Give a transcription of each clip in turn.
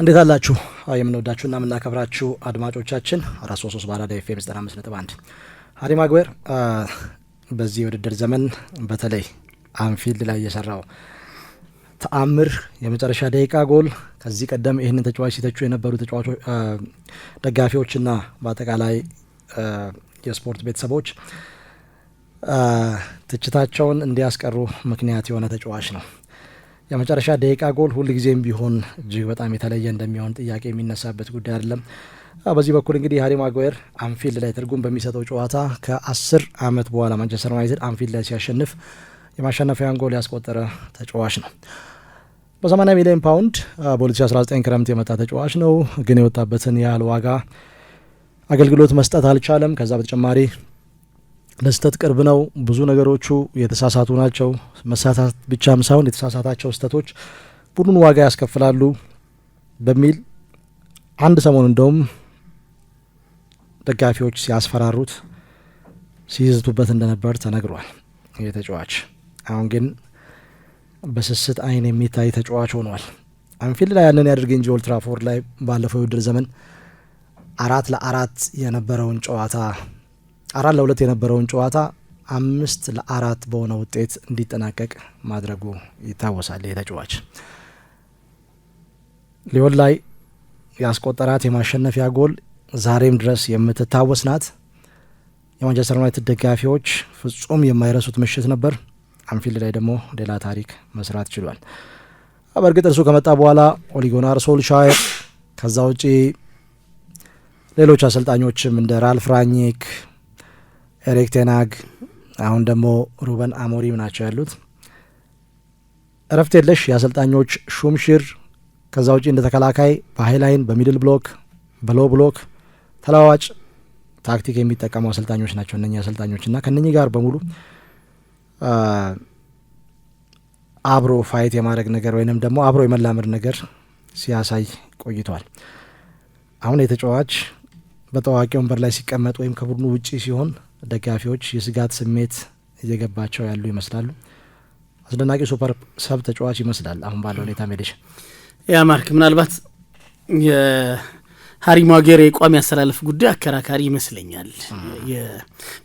እንዴት አላችሁ? የምንወዳችሁና የምናከብራችሁ አድማጮቻችን አራት ሶስት ሶስት በአራዳ ኤፍኤም ዘጠና አምስት ነጥብ አንድ በዚህ የውድድር ዘመን በተለይ አንፊልድ ላይ የሰራው ተአምር የመጨረሻ ደቂቃ ጎል ከዚህ ቀደም ይህንን ተጫዋች ሲተቹ የነበሩ ተጫዋቾች፣ ደጋፊዎችና በአጠቃላይ የስፖርት ቤተሰቦች ትችታቸውን እንዲያስቀሩ ምክንያት የሆነ ተጫዋች ነው። የመጨረሻ ደቂቃ ጎል ሁልጊዜም ቢሆን እጅግ በጣም የተለየ እንደሚሆን ጥያቄ የሚነሳበት ጉዳይ አይደለም። በዚህ በኩል እንግዲህ ሀሪ ማጓየር አንፊልድ ላይ ትርጉም በሚሰጠው ጨዋታ ከአስር ዓመት በኋላ ማንቸስተር ዩናይትድ አንፊልድ ላይ ሲያሸንፍ የማሸነፊያን ጎል ያስቆጠረ ተጫዋች ነው። በ80 ሚሊዮን ፓውንድ በ2019 ክረምት የመጣ ተጫዋች ነው፣ ግን የወጣበትን ያህል ዋጋ አገልግሎት መስጠት አልቻለም። ከዛ በተጨማሪ ለስህተት ቅርብ ነው። ብዙ ነገሮቹ የተሳሳቱ ናቸው። መሳሳት ብቻም ሳይሆን የተሳሳታቸው ስህተቶች ቡድኑን ዋጋ ያስከፍላሉ በሚል አንድ ሰሞን እንደውም ደጋፊዎች ሲያስፈራሩት ሲይዝቱበት እንደነበር ተነግሯል። ይህ ተጫዋች አሁን ግን በስስት አይን የሚታይ ተጫዋች ሆኗል። አንፊልድ ላይ ያንን ያድርግ እንጂ ኦልትራፎርድ ላይ ባለፈው የውድድር ዘመን አራት ለአራት የነበረውን ጨዋታ አራት ለሁለት የነበረውን ጨዋታ አምስት ለአራት በሆነ ውጤት እንዲጠናቀቅ ማድረጉ ይታወሳል። ተጫዋች ሊዮን ላይ ያስቆጠራት የማሸነፊያ ጎል ዛሬም ድረስ የምትታወስ ናት። የማንቸስተር ዩናይትድ ደጋፊዎች ፍጹም የማይረሱት ምሽት ነበር። አንፊልድ ላይ ደግሞ ሌላ ታሪክ መስራት ችሏል። በእርግጥ እርሱ ከመጣ በኋላ ኦሊጎናር ሶልሻየር፣ ከዛ ውጪ ሌሎች አሰልጣኞችም እንደ ራልፍ ራኒክ ኤሪክ ቴናግ አሁን ደግሞ ሩበን አሞሪም ናቸው ያሉት። እረፍት የለሽ የአሰልጣኞች ሹምሽር። ከዛ ውጪ እንደ ተከላካይ በሀይላይን በሚድል ብሎክ በሎ ብሎክ ተለዋዋጭ ታክቲክ የሚጠቀሙ አሰልጣኞች ናቸው እነኚህ አሰልጣኞች እና ከነኚህ ጋር በሙሉ አብሮ ፋይት የማድረግ ነገር ወይንም ደግሞ አብሮ የመላመድ ነገር ሲያሳይ ቆይቷል። አሁን የተጫዋች በታዋቂ ወንበር ላይ ሲቀመጥ ወይም ከቡድኑ ውጪ ሲሆን ደጋፊዎች የስጋት ስሜት እየገባቸው ያሉ ይመስላሉ። አስደናቂ ሱፐር ሰብ ተጫዋች ይመስላል አሁን ባለው ሁኔታ ሜዲሽ ያ ማርክ ምናልባት የሀሪ ማጌር የቋሚ አሰላለፍ ጉዳይ አከራካሪ ይመስለኛል።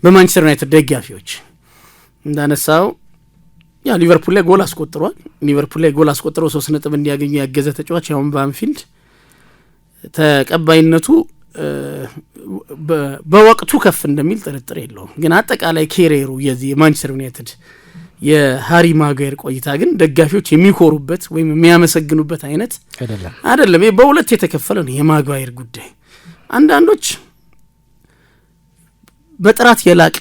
በማንቸስተር ዩናይትድ ደጋፊዎች እንዳነሳው ያ ሊቨርፑል ላይ ጎል አስቆጥሯል። ሊቨርፑል ላይ ጎል አስቆጥሮ ሶስት ነጥብ እንዲያገኙ ያገዘ ተጫዋች ያሁን በአንፊልድ ተቀባይነቱ በወቅቱ ከፍ እንደሚል ጥርጥር የለውም። ግን አጠቃላይ ኬሬሩ የዚህ የማንቸስተር ዩናይትድ የሀሪ ማጓየር ቆይታ ግን ደጋፊዎች የሚኮሩበት ወይም የሚያመሰግኑበት አይነት አይደለም። በሁለት የተከፈለ ነው የማጓየር ጉዳይ። አንዳንዶች በጥራት የላቀ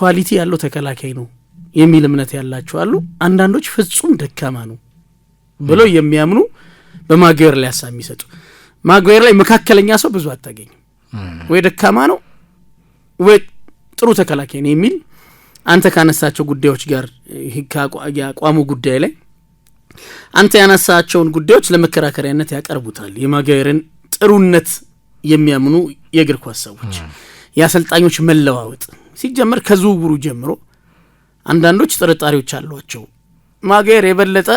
ኳሊቲ ያለው ተከላካይ ነው የሚል እምነት ያላቸው አሉ። አንዳንዶች ፍጹም ደካማ ነው ብለው የሚያምኑ በማጓየር ላይ ሀሳብ የሚሰጡ ማጓየር ላይ መካከለኛ ሰው ብዙ አታገኝም። ወይ ደካማ ነው ወይ ጥሩ ተከላካይ ነው የሚል አንተ ካነሳቸው ጉዳዮች ጋር የአቋሙ ጉዳይ ላይ አንተ ያነሳቸውን ጉዳዮች ለመከራከሪያነት ያቀርቡታል። የማጓየርን ጥሩነት የሚያምኑ የእግር ኳስ ሰዎች የአሰልጣኞች መለዋወጥ ሲጀመር ከዝውውሩ ጀምሮ አንዳንዶች ጥርጣሬዎች አሏቸው። ማጓየር የበለጠ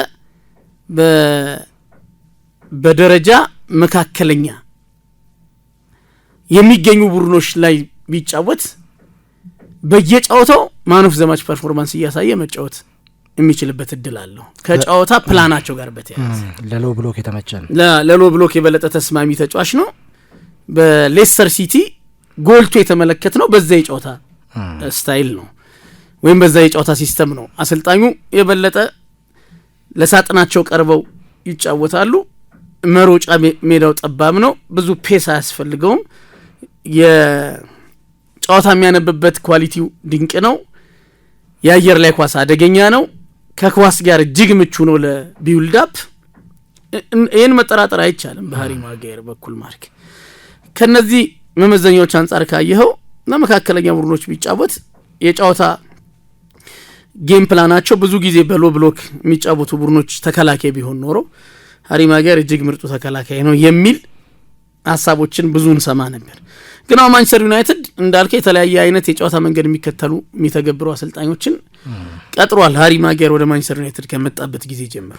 በደረጃ መካከለኛ የሚገኙ ቡድኖች ላይ ቢጫወት በየጨዋታው ማኖፍ ዘማች ፐርፎርማንስ እያሳየ መጫወት የሚችልበት እድል አለው። ከጨዋታ ፕላናቸው ጋር በተያያዘ ለሎ ብሎክ የተመቸ ለሎ ብሎክ የበለጠ ተስማሚ ተጫዋች ነው። በሌስተር ሲቲ ጎልቶ የተመለከት ነው። በዛ የጨዋታ ስታይል ነው ወይም በዛ የጨዋታ ሲስተም ነው። አሰልጣኙ የበለጠ ለሳጥናቸው ቀርበው ይጫወታሉ። መሮጫ ሜዳው ጠባብ ነው። ብዙ ፔስ አያስፈልገውም። የጨዋታ የሚያነብበት ኳሊቲው ድንቅ ነው። የአየር ላይ ኳስ አደገኛ ነው። ከኳስ ጋር እጅግ ምቹ ነው ለቢውልዳፕ። ይህን መጠራጠር አይቻልም በሀሪ ማጋየር በኩል ማርክ ከነዚህ መመዘኛዎች አንጻር ካየኸው መካከለኛ ቡድኖች ቢጫወት የጨዋታ ጌም ፕላናቸው ብዙ ጊዜ በሎ ብሎክ የሚጫወቱ ቡድኖች ተከላካይ ቢሆን ኖሮ ሃሪ ማጓየር እጅግ ምርጡ ተከላካይ ነው የሚል ሀሳቦችን ብዙን ሰማ ነበር። ግን አሁን ማንቸስተር ዩናይትድ እንዳልከ የተለያየ አይነት የጨዋታ መንገድ የሚከተሉ የሚተገብሩ አሰልጣኞችን ቀጥሯል። ሀሪ ማጓየር ወደ ማንቸስተር ዩናይትድ ከመጣበት ጊዜ ጀምሮ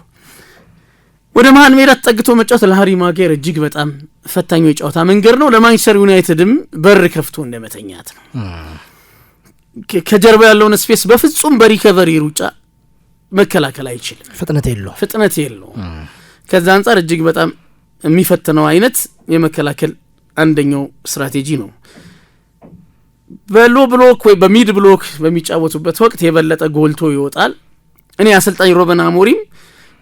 ወደ መሀል ሜዳ ተጠግቶ መጫወት ለሀሪ ማጓየር እጅግ በጣም ፈታኙ የጨዋታ መንገድ ነው። ለማንቸስተር ዩናይትድም በር ከፍቶ መተኛት ነው። ከጀርባ ያለውን ስፔስ በፍጹም በሪከቨሪ ሩጫ መከላከል አይችልም። ፍጥነት የለው ፍጥነት የለውም። ከዛ አንጻር እጅግ በጣም የሚፈትነው አይነት የመከላከል አንደኛው ስትራቴጂ ነው። በሎ ብሎክ ወይ በሚድ ብሎክ በሚጫወቱበት ወቅት የበለጠ ጎልቶ ይወጣል። እኔ አሰልጣኝ ሮበን አሞሪም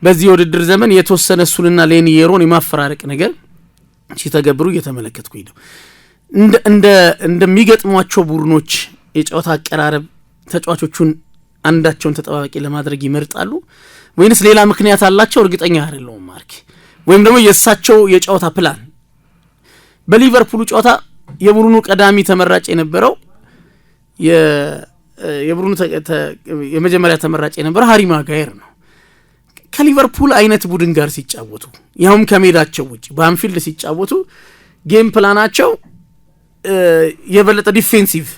በዚህ የውድድር ዘመን የተወሰነ እሱንና የሮን የማፈራረቅ ነገር ሲተገብሩ እየተመለከትኩኝ ነው። እንደሚገጥሟቸው ቡድኖች የጨዋታ አቀራረብ ተጫዋቾቹን አንዳቸውን ተጠባባቂ ለማድረግ ይመርጣሉ ወይንስ ሌላ ምክንያት አላቸው? እርግጠኛ አይደለሁም ማርክ። ወይም ደግሞ የእሳቸው የጨዋታ ፕላን በሊቨርፑሉ ጨዋታ የቡድኑ ቀዳሚ ተመራጭ የነበረው የቡድኑ የመጀመሪያ ተመራጭ የነበረው ሃሪ ማጋየር ነው። ከሊቨርፑል አይነት ቡድን ጋር ሲጫወቱ ያውም ከሜዳቸው ውጭ በአንፊልድ ሲጫወቱ ጌም ፕላናቸው የበለጠ ዲፌንሲቭ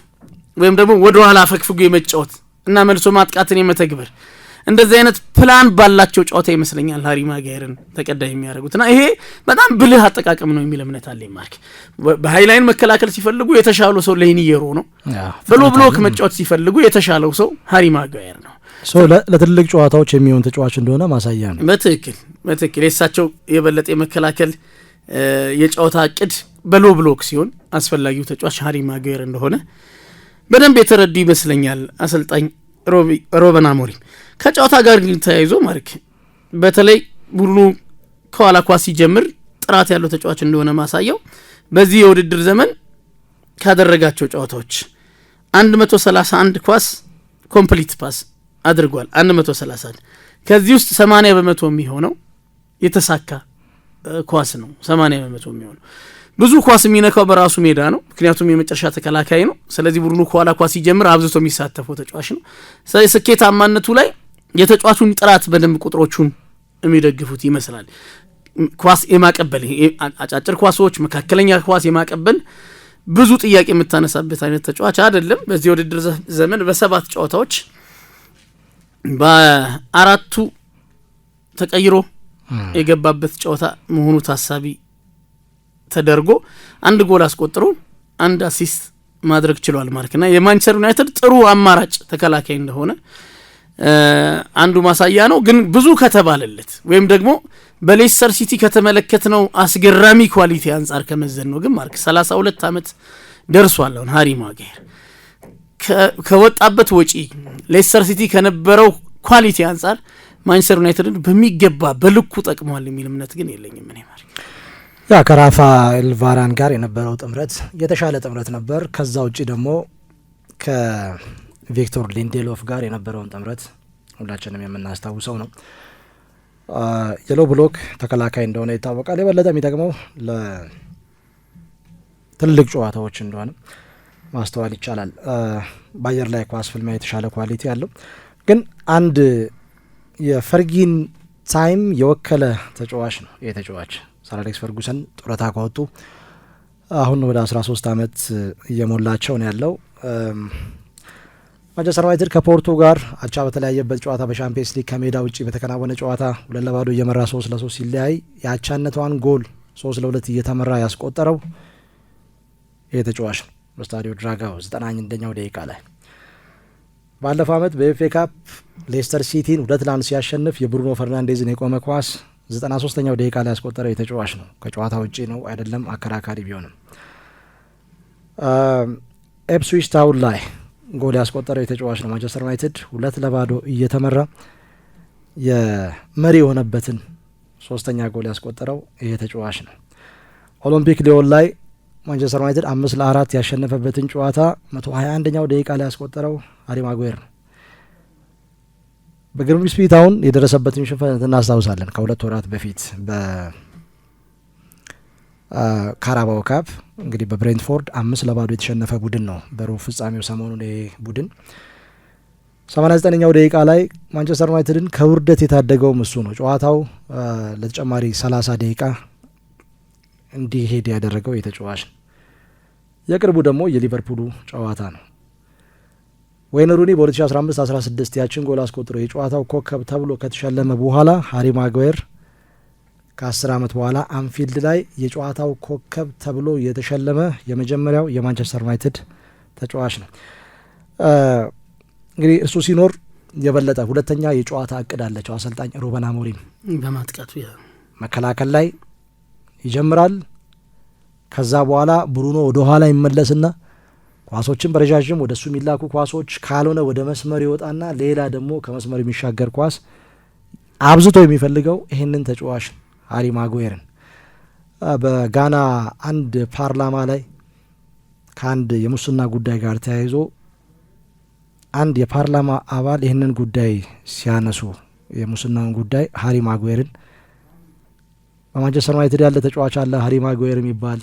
ወይም ደግሞ ወደኋላ አፈግፍጎ የመጫወት እና መልሶ ማጥቃትን የመተግበር እንደዚህ አይነት ፕላን ባላቸው ጨዋታ ይመስለኛል ሀሪ ማጋየርን ተቀዳሚ የሚያደርጉት እና ይሄ በጣም ብልህ አጠቃቀም ነው የሚል እምነት አለኝ። ማርክ በሀይላይን መከላከል ሲፈልጉ የተሻለው ሰው ሌኒየሮ ነው። በሎ ብሎክ መጫወት ሲፈልጉ የተሻለው ሰው ሀሪ ማጋየር ነው። ለትልቅ ጨዋታዎች የሚሆን ተጫዋች እንደሆነ ማሳያ ነው። በትክክል በትክክል የእሳቸው የበለጠ የመከላከል የጨዋታ እቅድ በሎ ብሎክ ሲሆን አስፈላጊው ተጫዋች ሀሪ ማጋየር እንደሆነ በደንብ የተረዱ ይመስለኛል አሰልጣኝ ሮበን አሞሪም። ከጨዋታ ጋር ግን ተያይዞ ማርክ በተለይ ቡድኑ ከኋላ ኳስ ሲጀምር ጥራት ያለው ተጫዋች እንደሆነ ማሳየው በዚህ የውድድር ዘመን ካደረጋቸው ጨዋታዎች 131 ኳስ ኮምፕሊት ፓስ አድርጓል። 131 ከዚህ ውስጥ 80 በመቶ የሚሆነው የተሳካ ኳስ ነው። 80 በመቶ የሚሆነው ብዙ ኳስ የሚነካው በራሱ ሜዳ ነው። ምክንያቱም የመጨረሻ ተከላካይ ነው። ስለዚህ ቡድኑ ከኋላ ኳስ ሲጀምር አብዝቶ የሚሳተፈው ተጫዋች ነው። ስለዚህ ስኬታማነቱ ላይ የተጫዋቹን ጥራት በደንብ ቁጥሮቹን የሚደግፉት ይመስላል። ኳስ የማቀበል አጫጭር ኳሶች፣ መካከለኛ ኳስ የማቀበል ብዙ ጥያቄ የምታነሳበት አይነት ተጫዋች አይደለም። በዚህ ውድድር ዘመን በሰባት ጨዋታዎች በአራቱ ተቀይሮ የገባበት ጨዋታ መሆኑ ታሳቢ ተደርጎ አንድ ጎል አስቆጥሮ አንድ አሲስት ማድረግ ችሏል ማለት ና የማንቸስተር ዩናይትድ ጥሩ አማራጭ ተከላካይ እንደሆነ አንዱ ማሳያ ነው። ግን ብዙ ከተባለለት ወይም ደግሞ በሌስተር ሲቲ ከተመለከትነው አስገራሚ ኳሊቲ አንጻር ከመዘን ነው ግን ማርክ 32 ዓመት ደርሷል። አሁን ሃሪ ማጓየር ከወጣበት ወጪ ሌስተር ሲቲ ከነበረው ኳሊቲ አንጻር ማንቸስተር ዩናይትድን በሚገባ በልኩ ጠቅሟል የሚል እምነት ግን የለኝም እኔ ማርክ ያ ከራፋ ኤልቫራን ጋር የነበረው ጥምረት የተሻለ ጥምረት ነበር። ከዛ ውጭ ደግሞ ከቪክቶር ሊንዴሎፍ ጋር የነበረውን ጥምረት ሁላችንም የምናስታውሰው ነው። የሎ ብሎክ ተከላካይ እንደሆነ ይታወቃል። የበለጠ የሚጠቅመው ለትልቅ ጨዋታዎች እንደሆነ ማስተዋል ይቻላል። በአየር ላይ ኳስ ፍልሚያ የተሻለ ኳሊቲ አለው። ግን አንድ የፈርጊን ታይም የወከለ ተጫዋች ነው ይህ ተጫዋች ሰር አሌክስ ፈርጉሰን ጡረታ ከወጡ አሁን ወደ 13 አመት እየሞላቸው ነው ያለው። ማንቸስተር ዩናይትድ ከፖርቶ ጋር አቻ በተለያየበት ጨዋታ በሻምፒየንስ ሊግ ከሜዳ ውጭ በተከናወነ ጨዋታ ሁለት ለባዶ እየመራ ሶስት ለሶስት ሲለያይ የአቻነቷን ጎል ሶስት ለሁለት እየተመራ ያስቆጠረው ይህ ተጫዋች ነው። በስታዲዮ ድራጋው ዘጠናኛው ደቂቃ ላይ ባለፈው አመት በኤፍኤ ካፕ ሌስተር ሲቲን ሁለት ለአንድ ሲያሸንፍ የብሩኖ ፈርናንዴዝን የቆመ ኳስ ዘጠና ሶስተኛው ደቂቃ ላይ ያስቆጠረው የተጫዋች ነው። ከጨዋታ ውጪ ነው አይደለም አከራካሪ ቢሆንም ኤፕስዊች ታውን ላይ ጎል ያስቆጠረው የተጫዋች ነው። ማንቸስተር ዩናይትድ ሁለት ለባዶ እየተመራ የመሪ የሆነበትን ሶስተኛ ጎል ያስቆጠረው ይሄ ተጫዋች ነው። ኦሎምፒክ ሊዮን ላይ ማንቸስተር ዩናይትድ አምስት ለአራት ያሸነፈበትን ጨዋታ መቶ ሀያ አንደኛው ደቂቃ ላይ ያስቆጠረው ሃሪ ማጉዌር ነው። በግሪምስቢ ታውን የደረሰበትን ሽንፈት እናስታውሳለን። ከሁለት ወራት በፊት በካራባው ካፕ እንግዲህ በብሬንትፎርድ አምስት ለባዶ የተሸነፈ ቡድን ነው። በሩብ ፍጻሜው ሰሞኑን ቡድን ሰማንያ ዘጠነኛው ደቂቃ ላይ ማንቸስተር ዩናይትድን ከውርደት የታደገውም እሱ ነው። ጨዋታው ለተጨማሪ ሰላሳ ደቂቃ እንዲሄድ ያደረገው የተጫዋች ነው። የቅርቡ ደግሞ የሊቨርፑሉ ጨዋታ ነው። ወይን ሩኒ በ2015 16 ያችን ጎል አስቆጥሮ የጨዋታው ኮከብ ተብሎ ከተሸለመ በኋላ ሀሪ ማግዌር ከ10 ዓመት በኋላ አንፊልድ ላይ የጨዋታው ኮከብ ተብሎ የተሸለመ የመጀመሪያው የማንቸስተር ዩናይትድ ተጫዋች ነው። እንግዲህ እርሱ ሲኖር የበለጠ ሁለተኛ የጨዋታ እቅድ አለቸው አሰልጣኝ ሩበን አሞሪም። በማጥቃቱ መከላከል ላይ ይጀምራል። ከዛ በኋላ ብሩኖ ወደ ኋላ ይመለስና ኳሶችን በረዣዥም ወደ እሱ የሚላኩ ኳሶች ካልሆነ ወደ መስመር ይወጣና ሌላ ደግሞ ከመስመር የሚሻገር ኳስ አብዝቶ የሚፈልገው ይህንን ተጫዋች ሀሪ ማጉዌርን በጋና አንድ ፓርላማ ላይ ከአንድ የሙስና ጉዳይ ጋር ተያይዞ አንድ የፓርላማ አባል ይህንን ጉዳይ ሲያነሱ የሙስናውን ጉዳይ ሀሪ ማጉዌርን በማንቸስተር ዩናይትድ ያለ ተጫዋች አለ ሀሪ ማጉዌር የሚባል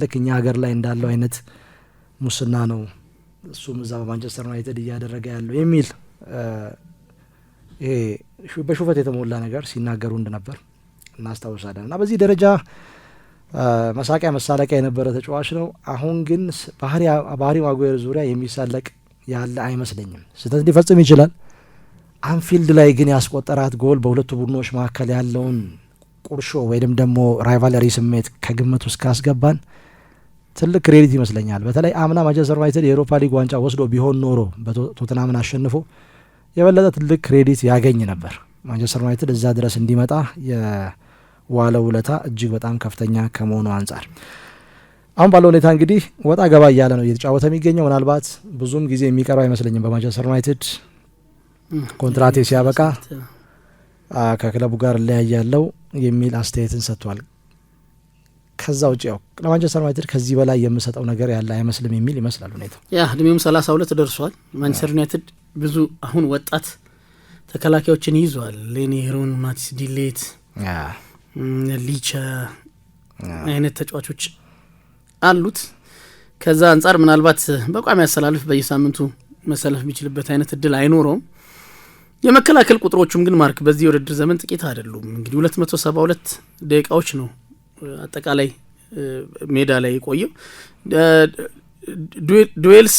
ልክ እኛ ሀገር ላይ እንዳለው አይነት ሙስና ነው እሱም እዛ በማንቸስተር ዩናይትድ እያደረገ ያለው የሚል ይሄ በሹፈት የተሞላ ነገር ሲናገሩ እንደነበር እናስታውሳለን። እና በዚህ ደረጃ መሳቂያ መሳለቂያ የነበረ ተጫዋች ነው። አሁን ግን ባህሪ ማጉየር ዙሪያ የሚሳለቅ ያለ አይመስለኝም። ስህተት ሊፈጽም ይችላል። አንፊልድ ላይ ግን ያስቆጠራት ጎል በሁለቱ ቡድኖች መካከል ያለውን ቁርሾ ወይም ደግሞ ራይቫለሪ ስሜት ከግምት ውስጥ ካስገባን ትልቅ ክሬዲት ይመስለኛል። በተለይ አምና ማንቸስተር ዩናይትድ የኤሮፓ ሊግ ዋንጫ ወስዶ ቢሆን ኖሮ በቶትናምን አሸንፎ የበለጠ ትልቅ ክሬዲት ያገኝ ነበር። ማንቸስተር ዩናይትድ እዛ ድረስ እንዲመጣ የዋለው ውለታ እጅግ በጣም ከፍተኛ ከመሆኑ አንጻር አሁን ባለው ሁኔታ እንግዲህ ወጣ ገባ እያለ ነው እየተጫወተ የሚገኘው። ምናልባት ብዙም ጊዜ የሚቀረው አይመስለኝም በማንቸስተር ዩናይትድ ኮንትራቴ ሲያበቃ ከክለቡ ጋር እለያያለው የሚል አስተያየትን ሰጥቷል። ከዛ ውጭ ያው ለማንቸስተር ዩናይትድ ከዚህ በላይ የምሰጠው ነገር ያለ አይመስልም የሚል ይመስላል ሁኔታ ያ እድሜውም ሰላሳ ሁለት ደርሷል። ማንቸስተር ዩናይትድ ብዙ አሁን ወጣት ተከላካዮችን ይዟል። ሌኒሮን ማቲስ ዲሌት፣ ሊቻ አይነት ተጫዋቾች አሉት። ከዛ አንጻር ምናልባት በቋሚ ያሰላልፍ በየሳምንቱ መሰለፍ የሚችልበት አይነት እድል አይኖረውም። የመከላከል ቁጥሮቹም ግን ማርክ በዚህ የውድድር ዘመን ጥቂት አይደሉም። እንግዲህ ሁለት መቶ ሰባ ሁለት ደቂቃዎች ነው አጠቃላይ ሜዳ ላይ የቆየው። ዱዌልስ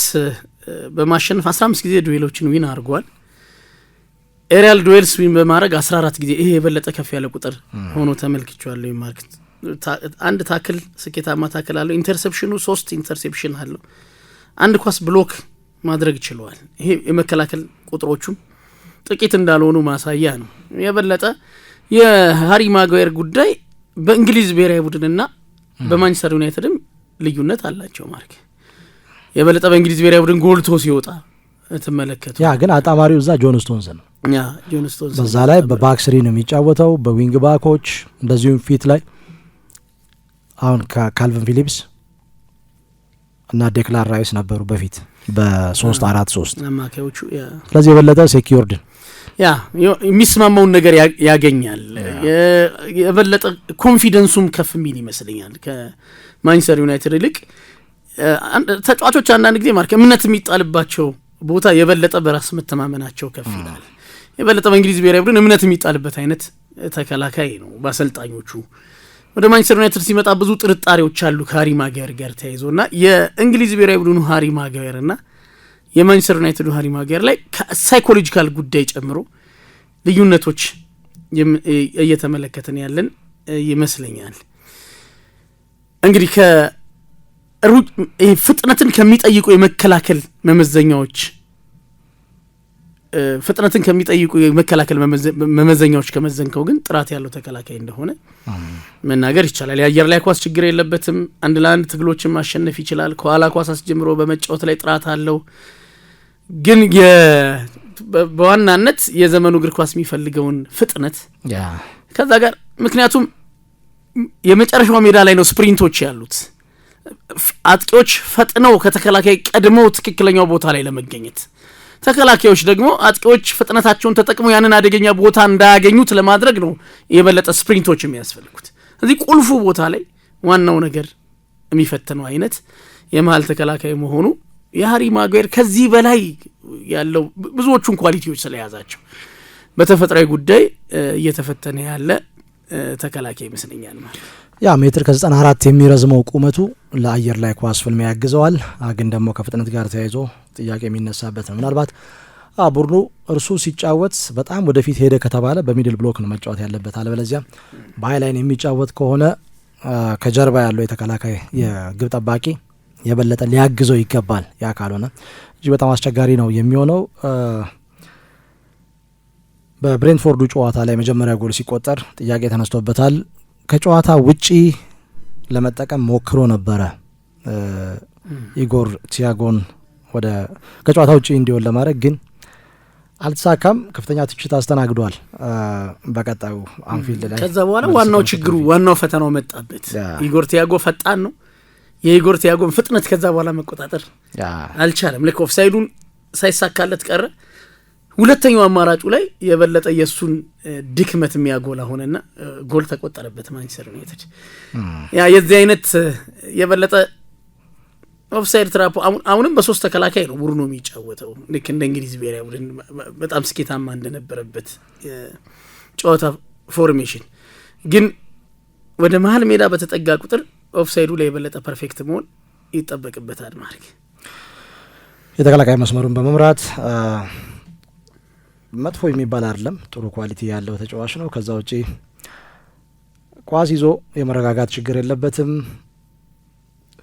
በማሸነፍ አስራ አምስት ጊዜ ዱዌሎችን ዊን አድርጓል። ኤሪያል ዱዌልስ ዊን በማድረግ አስራ አራት ጊዜ ይሄ የበለጠ ከፍ ያለ ቁጥር ሆኖ ተመልክቸዋለሁ። ማርክት አንድ ታክል ስኬታማ ታክል አለው። ኢንተርሴፕሽኑ ሶስት ኢንተርሴፕሽን አለው። አንድ ኳስ ብሎክ ማድረግ ችለዋል። ይሄ የመከላከል ቁጥሮቹም ጥቂት እንዳልሆኑ ማሳያ ነው። የበለጠ የሀሪ ማጓየር ጉዳይ በእንግሊዝ ብሔራዊ ቡድንና በማንቸስተር ዩናይትድም ልዩነት አላቸው። ማርክ የበለጠ በእንግሊዝ ብሔራዊ ቡድን ጎልቶ ሲወጣ ትመለከቱ። ያ ግን አጣማሪው እዛ ጆን ስቶንስ ነው። በዛ ላይ በባክስሪ ነው የሚጫወተው፣ በዊንግ ባኮች እንደዚሁም ፊት ላይ አሁን ካልቪን ፊሊፕስ እና ዴክላር ራይስ ነበሩ በፊት በሶስት አራት ሶስት ስለዚህ የበለጠ ሴኪዮርድን ያ የሚስማማውን ነገር ያገኛል። የበለጠ ኮንፊደንሱም ከፍ የሚል ይመስለኛል ከማንቸስተር ዩናይትድ ይልቅ ተጫዋቾች አንዳንድ ጊዜ ማርክ እምነት የሚጣልባቸው ቦታ የበለጠ በራስ መተማመናቸው ከፍ ይላል። የበለጠ በእንግሊዝ ብሔራዊ ቡድን እምነት የሚጣልበት አይነት ተከላካይ ነው። በአሰልጣኞቹ ወደ ማንቸስተር ዩናይትድ ሲመጣ ብዙ ጥርጣሬዎች አሉ ከሀሪ ማገር ጋር ተያይዞ እና የእንግሊዝ ብሔራዊ ቡድኑ ሀሪ ማገር እና የማንቸስተር ዩናይትድ ሃሪ ሀገር ላይ ከሳይኮሎጂካል ጉዳይ ጨምሮ ልዩነቶች እየተመለከትን ያለን ይመስለኛል። እንግዲህ ፍጥነትን ከሚጠይቁ የመከላከል መመዘኛዎች ፍጥነትን ከሚጠይቁ የመከላከል መመዘኛዎች ከመዘንከው ግን ጥራት ያለው ተከላካይ እንደሆነ መናገር ይቻላል። የአየር ላይ ኳስ ችግር የለበትም። አንድ ለአንድ ትግሎችን ማሸነፍ ይችላል። ከኋላ ኳስ አስጀምሮ በመጫወት ላይ ጥራት አለው። ግን በዋናነት የዘመኑ እግር ኳስ የሚፈልገውን ፍጥነት ከዛ ጋር ምክንያቱም የመጨረሻው ሜዳ ላይ ነው ስፕሪንቶች ያሉት አጥቂዎች ፈጥነው ከተከላካይ ቀድመው ትክክለኛው ቦታ ላይ ለመገኘት ተከላካዮች ደግሞ አጥቂዎች ፍጥነታቸውን ተጠቅመው ያንን አደገኛ ቦታ እንዳያገኙት ለማድረግ ነው የበለጠ ስፕሪንቶች የሚያስፈልጉት። እዚህ ቁልፉ ቦታ ላይ ዋናው ነገር የሚፈትነው አይነት የመሀል ተከላካይ መሆኑ የሀሪ ማጓየር ከዚህ በላይ ያለው ብዙዎቹን ኳሊቲዎች ስለያዛቸው በተፈጥሯዊ ጉዳይ እየተፈተነ ያለ ተከላካይ ይመስለኛል ማለት ያ ሜትር ከ94 የሚረዝመው ቁመቱ ለአየር ላይ ኳስ ፍልሚያ ያግዘዋል። ግን ደግሞ ከፍጥነት ጋር ተያይዞ ጥያቄ የሚነሳበት ነው። ምናልባት ቡድኑ እርሱ ሲጫወት በጣም ወደፊት ሄደ ከተባለ በሚድል ብሎክ ነው መጫወት ያለበት። አለበለዚያ በሀይ ላይን የሚጫወት ከሆነ ከጀርባ ያለው የተከላካይ የግብ ጠባቂ የበለጠ ሊያግዘው ይገባል። ያ ካልሆነ እጅግ በጣም አስቸጋሪ ነው የሚሆነው። በብሬንትፎርዱ ጨዋታ ላይ መጀመሪያ ጎል ሲቆጠር ጥያቄ ተነስቶበታል። ከጨዋታ ውጪ ለመጠቀም ሞክሮ ነበረ ኢጎር ቲያጎን ወደ ከጨዋታ ውጪ እንዲሆን ለማድረግ ግን አልተሳካም። ከፍተኛ ትችት አስተናግዷል። በቀጣዩ አንፊልድ ላይ ከዛ በኋላ ዋናው ችግሩ ዋናው ፈተናው መጣበት። ኢጎር ቲያጎ ፈጣን ነው። የኢጎር ቲያጎን ፍጥነት ከዛ በኋላ መቆጣጠር አልቻለም። ልክ ኦፍሳይዱን ሳይሳካለት ቀረ። ሁለተኛው አማራጩ ላይ የበለጠ የእሱን ድክመት የሚያጎላ ሆነና ጎል ተቆጠረበት ማንቸስተር ዩናይትድ። ያ የዚህ አይነት የበለጠ ኦፍሳይድ ትራፖ አሁንም በሶስት ተከላካይ ነው ቡድኑ የሚጫወተው ልክ እንደ እንግሊዝ ብሔራዊ ቡድን በጣም ስኬታማ እንደነበረበት ጨዋታ ፎርሜሽን ግን ወደ መሀል ሜዳ በተጠጋ ቁጥር ኦፍሳይዱ ላይ የበለጠ ፐርፌክት መሆን ይጠበቅበታል። ማድረግ የተከላካይ መስመሩን በመምራት መጥፎ የሚባል አይደለም። ጥሩ ኳሊቲ ያለው ተጫዋች ነው። ከዛ ውጪ ኳስ ይዞ የመረጋጋት ችግር የለበትም።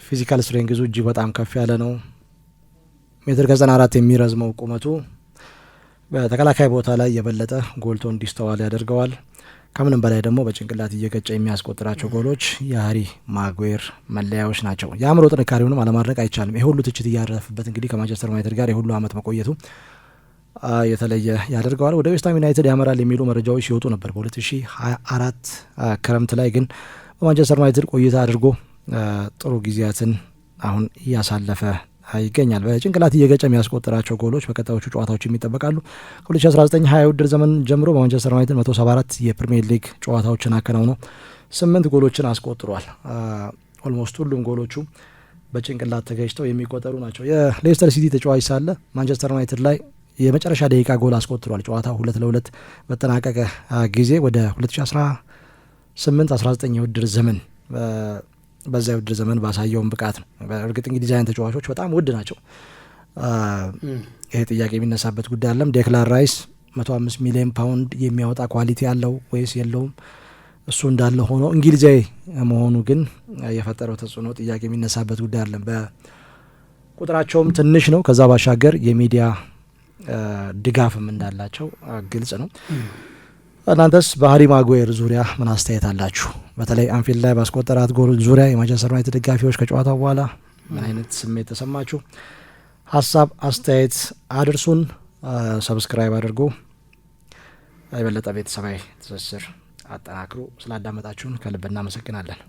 ፊዚካል ስትሬንግዙ እጅግ በጣም ከፍ ያለ ነው። ሜትር ከዘጠና አራት የሚረዝመው ቁመቱ በተከላካይ ቦታ ላይ የበለጠ ጎልቶ እንዲስተዋል ያደርገዋል። ከምንም በላይ ደግሞ በጭንቅላት እየገጨ የሚያስቆጥራቸው ጎሎች የሀሪ ማጉዌር መለያዎች ናቸው። የአእምሮ ጥንካሬውንም አለማድረግ አይቻልም። የሁሉ ትችት እያረፍበት እንግዲህ ከማንቸስተር ዩናይትድ ጋር የሁሉ አመት መቆየቱ የተለየ ያደርገዋል ወደ ዌስትሃም ዩናይትድ ያመራል የሚሉ መረጃዎች ሲወጡ ነበር። በ2024 ክረምት ላይ ግን በማንቸስተር ዩናይትድ ቆይታ አድርጎ ጥሩ ጊዜያትን አሁን እያሳለፈ ይገኛል። በጭንቅላት እየገጨ የሚያስቆጥራቸው ጎሎች በቀጣዮቹ ጨዋታዎች የሚጠበቃሉ። ከ2019 20 ውድድር ዘመን ጀምሮ በማንቸስተር ዩናይትድ 174 የፕሪሚየር ሊግ ጨዋታዎችን አከናውኖ ስምንት ጎሎችን አስቆጥሯል። ኦልሞስት ሁሉም ጎሎቹ በጭንቅላት ተገጭተው የሚቆጠሩ ናቸው። የሌስተር ሲቲ ተጫዋች ሳለ ማንቸስተር ዩናይትድ ላይ የመጨረሻ ደቂቃ ጎል አስቆጥሯል። ጨዋታ ሁለት ለሁለት መጠናቀቀ ጊዜ ወደ 2018 19 የውድድር ዘመን በዛ የውድድር ዘመን ባሳየውን ብቃት ነው። እርግጥ እንግዲህ ዛይን ተጫዋቾች በጣም ውድ ናቸው። ይሄ ጥያቄ የሚነሳበት ጉዳይ አለም። ዴክላን ራይስ 105 ሚሊዮን ፓውንድ የሚያወጣ ኳሊቲ አለው ወይስ የለውም? እሱ እንዳለ ሆኖ እንግሊዛዊ መሆኑ ግን የፈጠረው ተጽዕኖ ጥያቄ የሚነሳበት ጉዳይ አለም። በቁጥራቸውም ትንሽ ነው። ከዛ ባሻገር የሚዲያ ድጋፍም እንዳላቸው ግልጽ ነው። እናንተስ በሃሪ ማጉዌር ዙሪያ ምን አስተያየት አላችሁ? በተለይ አንፊልድ ላይ ባስቆጠራት ጎል ዙሪያ የማንቸስተር ዩናይትድ ደጋፊዎች ከጨዋታው በኋላ ምን አይነት ስሜት ተሰማችሁ? ሀሳብ አስተያየት አድርሱን። ሰብስክራይብ አድርጎ የበለጠ ቤተሰባዊ ትስስር አጠናክሩ። ስላዳመጣችሁን ከልብ እናመሰግናለን።